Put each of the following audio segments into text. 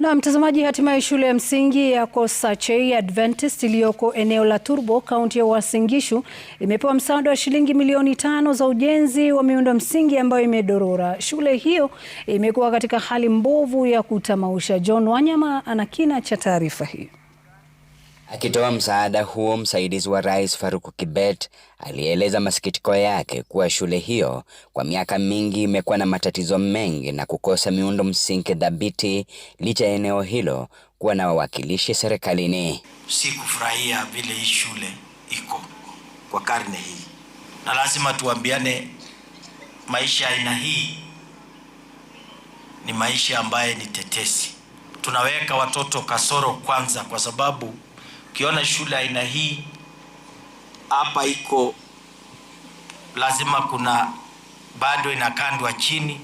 Na mtazamaji, hatimaye shule ya msingi ya Kosachei Adventist iliyoko eneo la Turbo, kaunti ya Uasin Gishu imepewa msaada wa shilingi milioni tano za ujenzi wa miundo msingi ambayo imedorora. Shule hiyo imekuwa katika hali mbovu ya kutamausha. John Wanyama ana kina cha taarifa hii. Akitoa msaada huo, msaidizi wa rais Faruku Kibet alieleza masikitiko yake kuwa shule hiyo kwa miaka mingi imekuwa na matatizo mengi na kukosa miundo msingi thabiti, licha ya eneo hilo kuwa na wawakilishi serikalini. Sikufurahia vile hii shule iko kwa karne hii, na lazima tuambiane, maisha aina hii ni maisha ambaye ni tetesi. Tunaweka watoto kasoro kwanza, kwa sababu Ukiona shule aina hii hapa iko lazima, kuna bado inakandwa chini,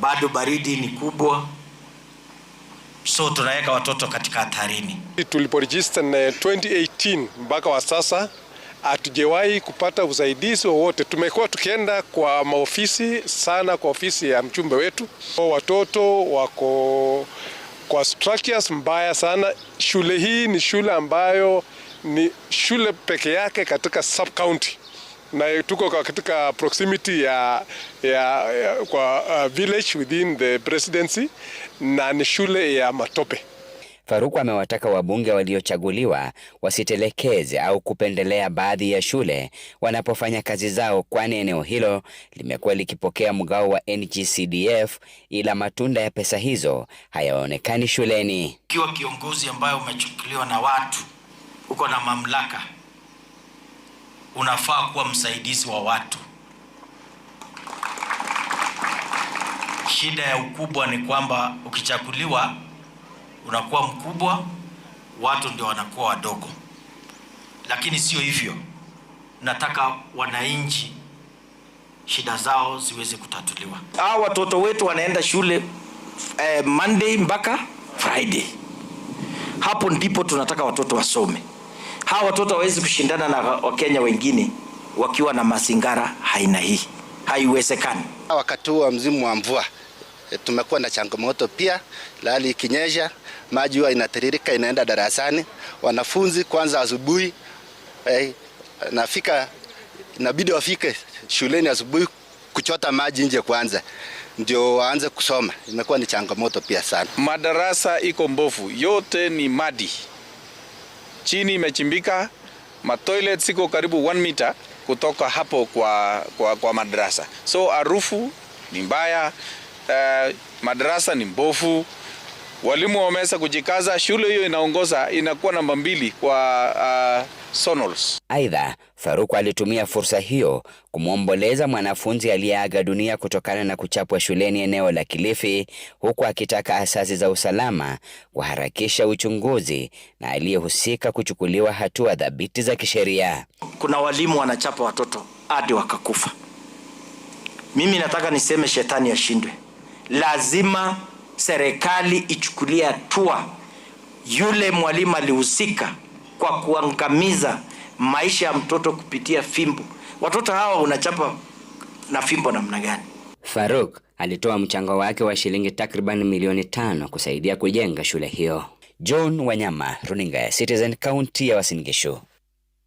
bado baridi ni kubwa, so tunaweka watoto katika hatarini. Tuliporejista na 2018 mpaka wa sasa hatujawahi kupata usaidizi wowote. Tumekuwa tukienda kwa maofisi sana, kwa ofisi ya mchumbe wetu, watoto wako kwa structures mbaya sana. Shule hii ni shule ambayo ni shule peke yake katika sub county na tuko katika proximity ya, ya, ya kwa uh, village within the presidency na ni shule ya matope. Faruku amewataka wabunge waliochaguliwa wasitelekeze au kupendelea baadhi ya shule wanapofanya kazi zao, kwani eneo hilo limekuwa likipokea mgao wa NGCDF, ila matunda ya pesa hizo hayaonekani shuleni. Ukiwa kiongozi ambaye umechukuliwa na watu, uko na mamlaka, unafaa kuwa msaidizi wa watu. Shida ya ukubwa ni kwamba ukichaguliwa unakuwa mkubwa, watu ndio wanakuwa wadogo. Lakini sio hivyo, nataka wananchi shida zao ziweze kutatuliwa. Hawa watoto wetu wanaenda shule eh, Monday mpaka Friday. Hapo ndipo tunataka watoto wasome. Hawa watoto hawezi kushindana na Wakenya wengine wakiwa na mazingara haina hii, haiwezekani. Wakati huu wa mzimu wa mvua eh, tumekuwa na changamoto pia, lali ikinyesha maji huwa inatiririka inaenda darasani. Wanafunzi kwanza asubuhi eh, nafika inabidi wafike shuleni asubuhi kuchota maji nje kwanza ndio waanze kusoma. Imekuwa ni changamoto pia sana. Madarasa iko mbovu, yote ni madi, chini imechimbika, matoilet siko karibu 1 mita kutoka hapo kwa, kwa, kwa madarasa, so harufu ni mbaya. Uh, eh, madarasa ni mbovu. Walimu wameweza kujikaza, shule hiyo inaongoza inakuwa namba mbili kwa uh, Sonols. Aidha, Faruku alitumia fursa hiyo kumwomboleza mwanafunzi aliyeaga dunia kutokana na kuchapwa shuleni eneo la Kilifi, huku akitaka asasi za usalama kuharakisha uchunguzi na aliyehusika kuchukuliwa hatua dhabiti za kisheria. Kuna walimu wanachapa watoto hadi wakakufa. Mimi nataka niseme shetani ashindwe, lazima serikali ichukulie hatua, yule mwalimu alihusika kwa kuangamiza maisha ya mtoto kupitia fimbo. Watoto hawa unachapa na fimbo namna gani? Faruk alitoa mchango wake wa shilingi takriban milioni tano kusaidia kujenga shule hiyo. John Wanyama, runinga ya Citizen, kaunti ya Wasingishu.